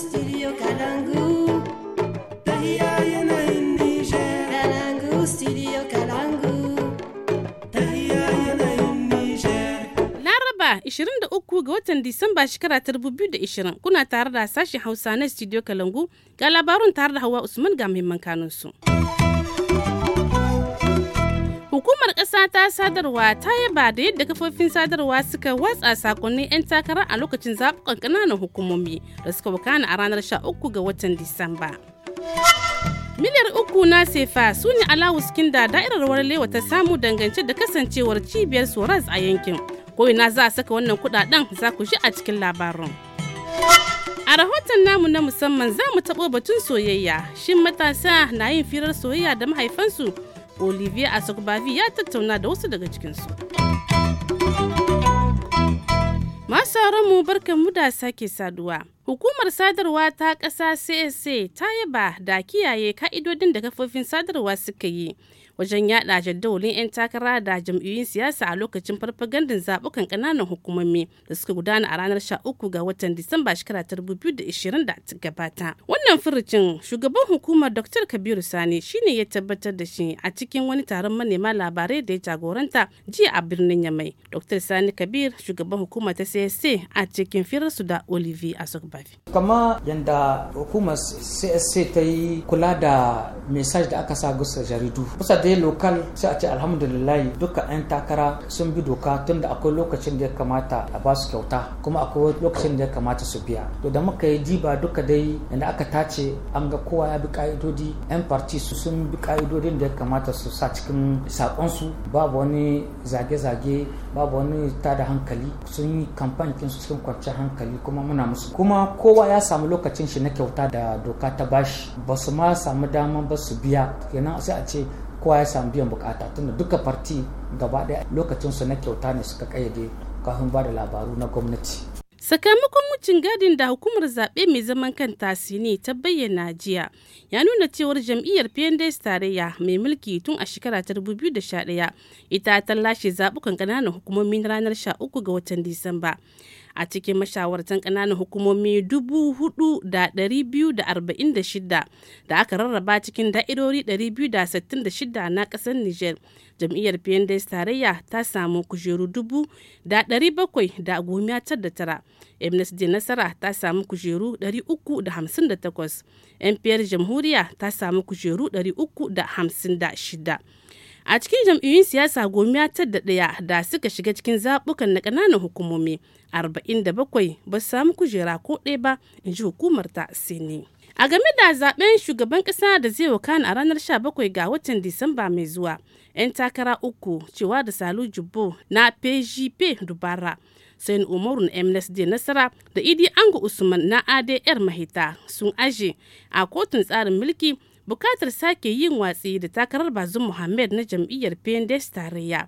studio Kalangu. Tahiya yana yin Kalangu Kalangu. Tahiya yana yin 23 ga watan Disamba shekara ta 2020 kuna tare da sashen Hausa na studio Kalangu ga labarun tare da Hawa Usman ga muhimman kanunsu. su. Hukumar ƙasa ta sadarwa ta yaba da yadda kafofin sadarwa suka watsa sakonnin 'yan takara a lokacin zaɓukan ƙananan hukumomi da suka wakana a ranar 13 ga watan Disamba. Miliyar uku na sefa su ne alawuskin da da'irar warlewa ta samu dangance da kasancewar cibiyar Soras a yankin. Ko ina za a saka wannan kudaden za ku shi a cikin labarin. A rahoton namu na musamman za mu taɓo batun soyayya. Shin matasa na yin firar soyayya da mahaifansu olivier asogbavi ya tattauna da wasu daga cikinsu masu mu barkan mu da sake saduwa hukumar sadarwa ta ƙasa csa ta yaba da kiyaye ka'idodin da kafofin sadarwa suka yi wajen yada jadawalin 'yan takara da jam'iyyun siyasa a lokacin farfagandun zabukan kananan hukumomi da suka gudana a ranar 13 ga watan Disamba shekara 2020 da ta gabata. Wannan furucin shugaban hukumar Dr. Kabiru Sani shine ya tabbatar da shi a cikin wani taron manema labarai da ya jagoranta jiya a birnin Yamai. Dr. Sani Kabir shugaban hukumar ta CSC a cikin firarsu da Olivier asogbafi Kama yadda hukumar CSC ta yi kula da mesaj da aka sa gusa jaridu. dai lokal sai a ce alhamdulillahi duka 'yan takara sun bi doka tun da akwai lokacin da ya kamata a ba su kyauta kuma akwai lokacin da ya kamata su biya to da muka yi diba duka dai inda aka tace an ga kowa ya bi ka'idodi 'yan parti su sun bi ka'idodin da ya kamata su sa cikin sakonsu babu wani zage-zage babu wani ta da hankali sun yi kamfan su sun kwanci hankali kuma muna musu kuma kowa ya samu lokacin shi na kyauta da doka ta bashi ba su ma samu dama ba su biya kenan sai a ce kowa ya samu biyan bukata tunda duka farti gaba daya lokacinsu na kyauta ne suka kayyade kafin ba da labaru na gwamnati sakamakon wucin gadin da hukumar zaɓe mai zaman kanta sine ta bayyana jiya ya nuna cewar jam'iyyar pnds tarayya mai mulki tun a shekara ta 2011 ita ta lashe zaɓukan ƙananan hukumomin ranar 13 ga watan disamba a cikin mashawartan ƙananan hukumomi 4,246 da aka rarraba cikin da'irori 266 na ƙasar Nijar. Jam'iyyar PNDS tarayya ta samu kujeru da da tara. MNSD Nasara ta samu kujeru takwas. NPR Jamhuriya ta samu kujeru da shida. a cikin jam'iyyun siyasa goma ta da ɗaya da suka shiga cikin zaɓukan na ƙananan hukumomi 47 ba su samu kujera ko ɗaya ba in ji hukumar ta sini a game da zaben shugaban ƙasa da zai wakana a ranar 17 ga watan disamba mai zuwa 'yan takara uku cewa da salu jubbo na pgp dubara sain umaru na msd nasara da idi ango usman na adr mahita sun aje a kotun tsarin mulki bukatar sake yin watsi da takarar bazin muhammed na jam'iyyar pendes tarayya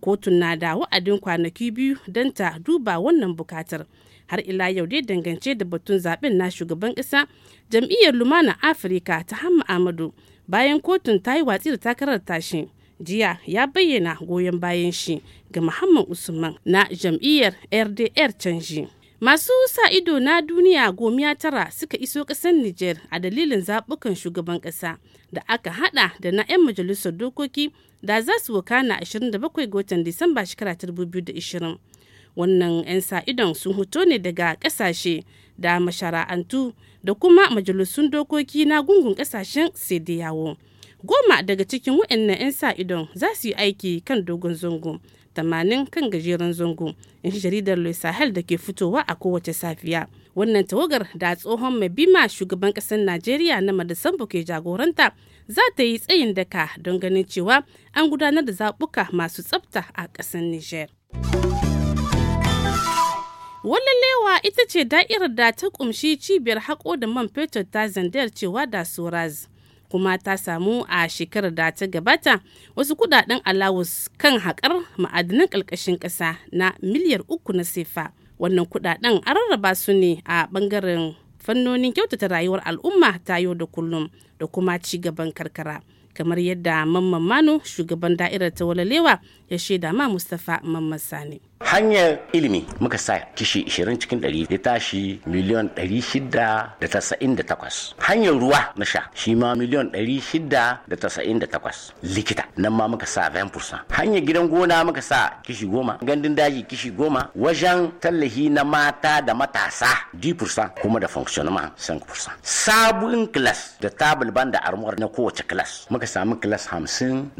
kotun na da wa'adin kwanaki biyu don ta duba wannan bukatar har ila yau dai dangance da batun zaben na shugaban kasa. jam'iyyar lumana afirka ta hamma amadu bayan kotun ta yi watsi da takarar tashi jiya ya bayyana goyon bayan shi ga muhammad usman na jam'iyyar rdr canji Masu sa ido na duniya gomiya tara suka iso ƙasar Nijar a dalilin zaɓukan shugaban ƙasa da aka hada da na 'yan majalisar dokoki da za su wakana 27 ga watan Disamba shekara 2020. Wannan 'yan sa idon sun hoto ne daga ƙasashe da mashara'antu da kuma majalisun dokoki na gungun ƙasashen sai da yawo. Goma daga cikin waɗannan 'yan sa idon za su yi aiki kan dogon zango 80 kan gajeren zango in jaridar le sahel da ke fitowa a kowace safiya wannan tawagar da tsohon mai bima shugaban kasar najeriya na madasan ke jagoranta za ta yi tsayin daka don ganin cewa an gudanar da zaɓuka masu tsafta a ƙasar niger Walalewa ita ce da'irar da ta kumshi cibiyar haƙo da man fetur ta zandar cewa da Soraz. kuma ta samu a shekarar da ta gabata wasu kudaden alawus kan haƙar ma'adinan ƙarƙashin ƙasa na miliyar uku na sefa wannan kudaden an rarraba su ne a ɓangaren fannonin kyautata rayuwar al'umma ta yau da kullum da kuma ci gaban karkara kamar yadda mamman manu shugaban da'irar ta walalewa ya shaida ma mustapha mamman sani hanyar ilimi muka sa kishi 20 cikin 100 ya tashi miliyan 698 hanyar ruwa na sha shi ma miliyan 698 likita nan ma muka sa 20% hanyar gidan gona muka sa kishi goma gandun daji kishi goma wajen tallahi na mata da matasa 10% kuma da ma 5% sabon class da tabul da armuwar na kowace class muka samu class 56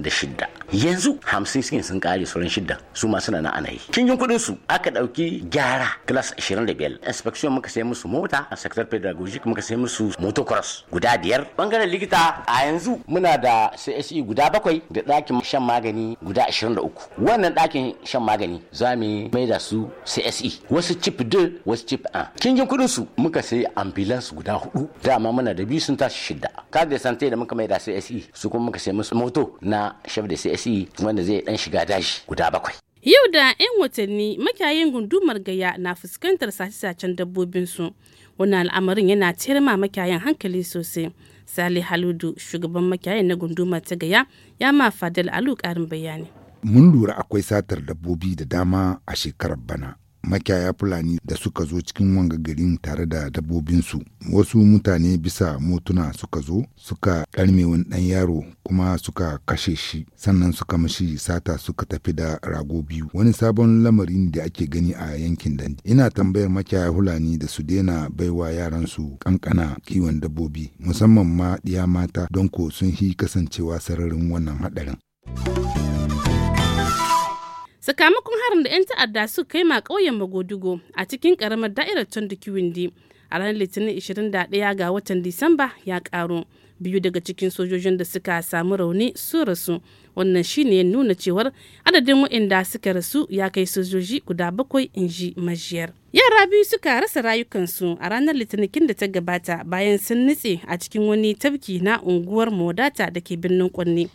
yanzu 50 sun kare sauran shidda su ma suna na anayi ɗimbin kudin su aka ɗauki gyara class 25 inspection muka sai musu mota a sector pedagogic muka sai musu motocross guda biyar bangaren likita a yanzu muna da CSE guda bakwai da ɗakin shan magani guda 23 wannan ɗakin shan magani za mu mai da su CSE wasu chip 2 wasu chip 1 kingin kuɗin su muka sai ambulance guda hudu dama muna da biyu sun tashi shida. card de santé da muka mai da CSE su kuma muka sai musu moto na chef de CSE wanda zai dan shiga dashi guda bakwai Yau da 'yan watanni makiyayin gundumar gaya na fuskantar sace-sacen dabbobinsu. wani al'amarin yana ciyar ma hankali sosai. Sale Haludu, shugaban makiyayan na gundumar ta gaya, ya ma Fadal Alu karin bayani. Mun lura akwai satar dabbobi da dama a shekarar bana. makiyaya fulani da suka zo cikin wanga garin tare da dabbobinsu wasu mutane bisa motuna suka zo suka karme wani ɗan yaro kuma suka kashe shi sannan suka mashi sata suka tafi da rago biyu wani sabon lamarin da ake gani a yankin dandi ina tambayar makiyaya fulani da su daina baiwa yaransu kankana kiwon dabbobi musamman ma ɗiya mata don ko sun hi kasancewa sararin wannan haɗarin sakamakon harin da 'yan ta'adda suka kai ma ƙauyen magodugo a cikin karamar da'irar tunduki windi a ranar litinin 21 ga watan disamba ya karo biyu daga cikin sojojin da suka samu rauni su rasu wannan shine ya nuna cewar adadin waɗanda suka rasu ya kai sojoji guda bakwai in inji majiyar yara biyu suka rasa rayukansu a ranar litinikin da ta gabata bayan sun nutse a cikin wani tafki na unguwar modata da ke birnin kwanne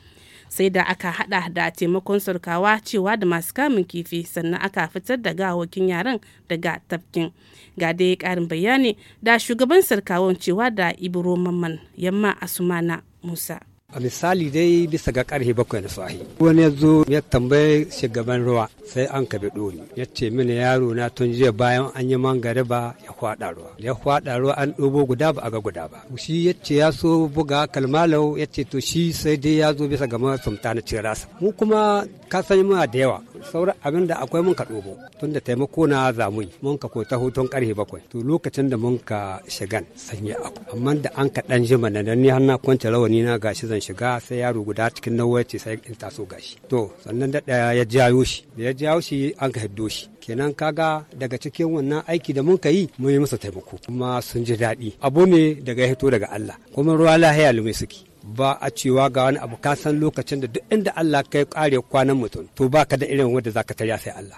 sai da aka hada da taimakon sarkawa cewa da masu kamun kifi sannan aka fitar da gawokin yaran daga tafkin ga dai karin bayani da shugaban sarkawan cewa da ibro mamman yamma asumana musa a misali dai bisa ga karhe bakwai na sahi wani ya zo ya tambaye shugaban ruwa sai an kabe doni. ya ce mini yaro na tun jiya bayan an yi mangare ba ya kwaɗa ruwa ya kwaɗa ruwa an ɗobo guda ba a ga guda ba shi ya ce ya so buga kalmalau ya ce to shi sai dai ya zo bisa ga masumta na cirasa mu kuma ka san muna da yawa sauran abin da akwai mun ka ɗobo tun da taimako na zamu mun ka ko ta hoton karfe bakwai to lokacin da mun ka shigan sanya abu amma da an ka ɗan jima na ni har na kwance rawani na gashi zan shiga sai yaro guda cikin nawa ce sai in taso gashi to sannan da ya jayo shi da ya jayo shi an ka hiddo shi kenan kaga daga cikin wannan aiki da mun ka yi mun yi masa taimako kuma sun ji daɗi abu ne daga ya hito daga Allah kuma ruwa lahiya lumai suke ba a cewa ga wani abu ka san lokacin da duk inda Allah kai kare kwanan mutum to baka da irin wanda zaka tarya sai Allah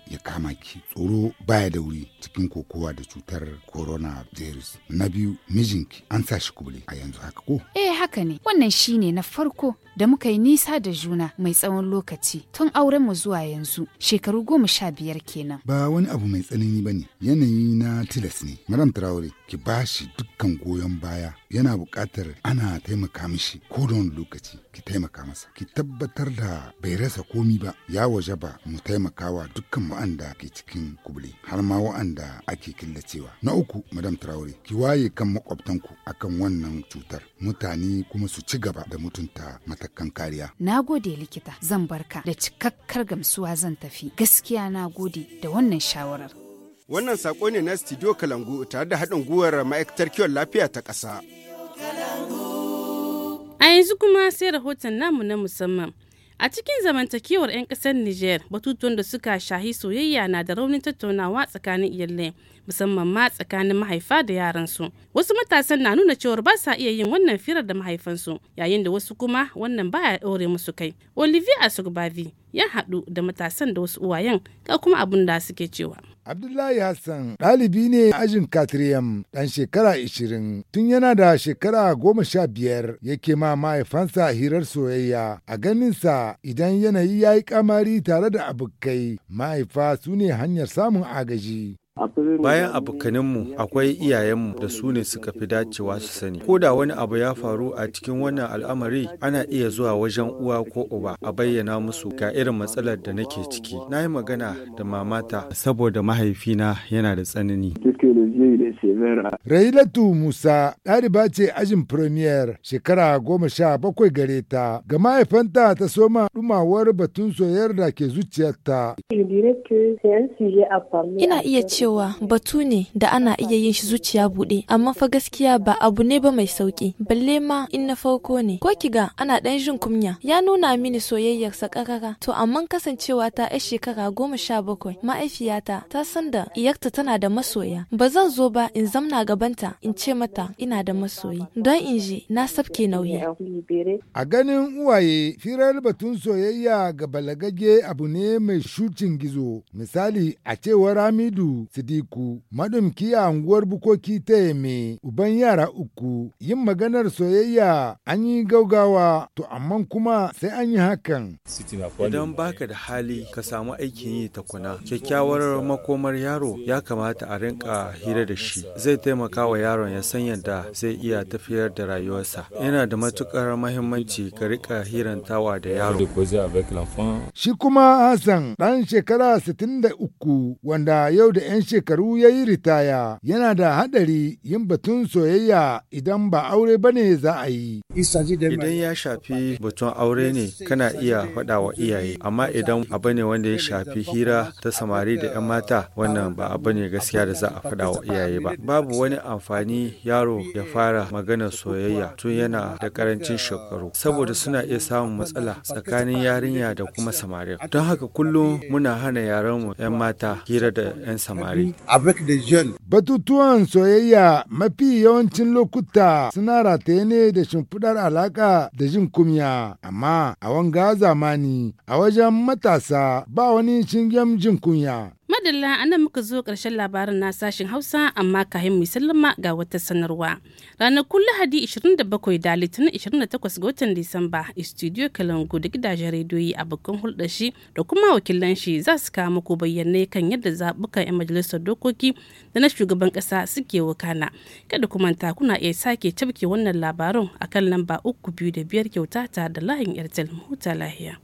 ya kama ki tsoro baya da wuri cikin kokowa da cutar virus na biyu mijinki an sa shi kubule a yanzu haka ko eh haka ne wannan shine na farko da muka yi nisa da juna mai tsawon lokaci tun auren mu zuwa yanzu shekaru goma sha biyar kenan ba wani abu mai tsanani ba ne yanayi na tilas ne madam traore ki ba shi dukkan goyon baya yana buƙatar ana taimaka mishi ko da wani lokaci ki taimaka masa ki tabbatar da bai rasa komi ba ya waje ba mu taimakawa dukkan wa'anda ke cikin kubule har ma wa'anda ake killacewa. Na uku Madam Traore ki waye kan makwabtanku akan wannan cutar mutane kuma su ci gaba da mutunta matakan kariya. Na gode likita zan barka da cikakkar gamsuwa zan tafi gaskiya na gode da wannan shawarar. Wannan sako ne na Studio Kalangu tare da haɗin gwiwar ma'aikatar kiwon lafiya ta ƙasa. A yanzu kuma sai rahoton namu na musamman. A cikin zamantakewar 'yan ƙasar Niger, batutuwan da suka shahi soyayya na da raunin tattaunawa tsakanin iyalai, musamman ma tsakanin mahaifa da yaran su Wasu matasan na nuna cewar ba sa iya yin wannan firar da mahaifansu, yayin da wasu kuma wannan baya ɗore musu kai. Olivier Asugbavi ya haɗu da matasan da wasu uwayen ga kuma abin da suke cewa. Abdullahi Hassan ɗalibi ne ajin Katriyam ɗan shekara ishirin, tun yana da shekara goma sha ya yake ma mahaifansa hirar soyayya a ganinsa idan yanayi ya yi kamari tare da abokai mahaifa su ne hanyar samun agaji. Bayan abokananmu akwai iyayenmu da su ne suka fi dacewa su sani. Ko da wani abu ya faru a cikin wannan al'amari ana iya zuwa wajen uwa ko uba a bayyana musu ga irin matsalar da nake ciki. Na yi magana da mamata saboda mahaifina yana da tsanani. Railatu Musa ɗaliba ce ajin Premier shekara goma sha bakwai gare ta. Ga mahaifanta ta soma dumawar batun soyayyar da ke zuciyarta. Ina iya cewa batu ne da ana iya yin shi zuciya buɗe, amma fa gaskiya ba abu ne ba mai sauƙi, balle ma in na farko ne. Ko ki kiga ana ɗan jin kunya, ya nuna mini soyayyarsa ƙarara, to amma kasancewa ta 'yar shekara goma sha bakwai mahaifiyata ta san da iyarta tana da masoya. Ba zan zo ba in zamna gabanta in ce mata ina da masoyi don in je na sabke nauyi. A ganin uwaye firar batun soyayya ga balagage abu ne mai shucin gizo misali a cewar Hamidu Sidiku madumki a unguwar bukoki ta yame uban yara uku yin maganar soyayya an yi gaugawa to amma kuma sai an yi hakan. Idan baka da hali ka samu aikin yi ta kuna kyakkyawar makomar yaro ya kamata a rinka hira da shi zai taimaka wa yaron ya san yadda zai iya tafiyar da rayuwarsa yana da matukar mahimmanci ka rika hirantawa da yaro shi kuma hassan ɗan shekara 63 wanda yau da 'yan shekaru ya yi ritaya yana da haɗari yin batun soyayya idan ba aure ba ne za a yi idan ya shafi batun aure ne kana iya faɗa wa iyaye amma idan abu ne wanda ya shafi hira ta samari da 'yan mata wannan ba abu ne gaskiya da za a faɗa wa iyaye ba babu wani amfani yaro ya fara magana soyayya tun yana da karancin shekaru saboda suna iya samun matsala tsakanin yarinya da kuma samari don haka kullum muna hana mu 'yan mata hira da 'yan samari batutuwan soyayya mafi yawancin lokuta suna rataye ne da shimfidar alaƙa da jin kumya amma a wanga zamani a wajen matasa ba wani shingen jin kunya madalla anan muka zo ƙarshen labarin na sashen hausa amma kahin mai sallama ga wata sanarwa ranakun lahadi 27 da litinin 28 ga watan disamba studio kalangu da gidajen rediyoyi bakin hulɗar shi da kuma wakilan shi za su kawo muku bayyane kan yadda zaɓukan 'yan majalisar dokoki da na shugaban kasa suke wakana kada kuma manta kuna iya sake cafke wannan labarin a kan lamba uku biyu da biyar kyauta ta da layin airtel huta lahiya.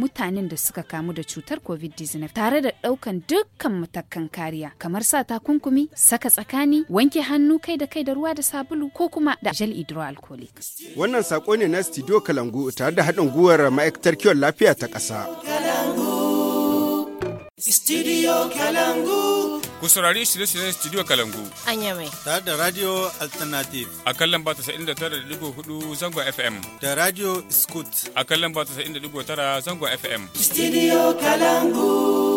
mutanen da suka kamu da cutar covid-19 tare da ɗaukan dukkan matakan kariya kamar sa takunkumi saka tsakani wanke hannu kai da kai da ruwa da sabulu ko kuma da gel hydroalcoholic wannan sako ne na studio kalangu tare da haɗin gwiwar ma'aikatar kiwon lafiya ta ƙasa studio kalangu Ku saurari shirye-shiryen Studio Kalangu. Anya mai. Tare da Radio Alternative. A kan lamba hudu zangon FM. Da Radio Scoot. A kan lamba tara zangon FM. Studio Kalangu.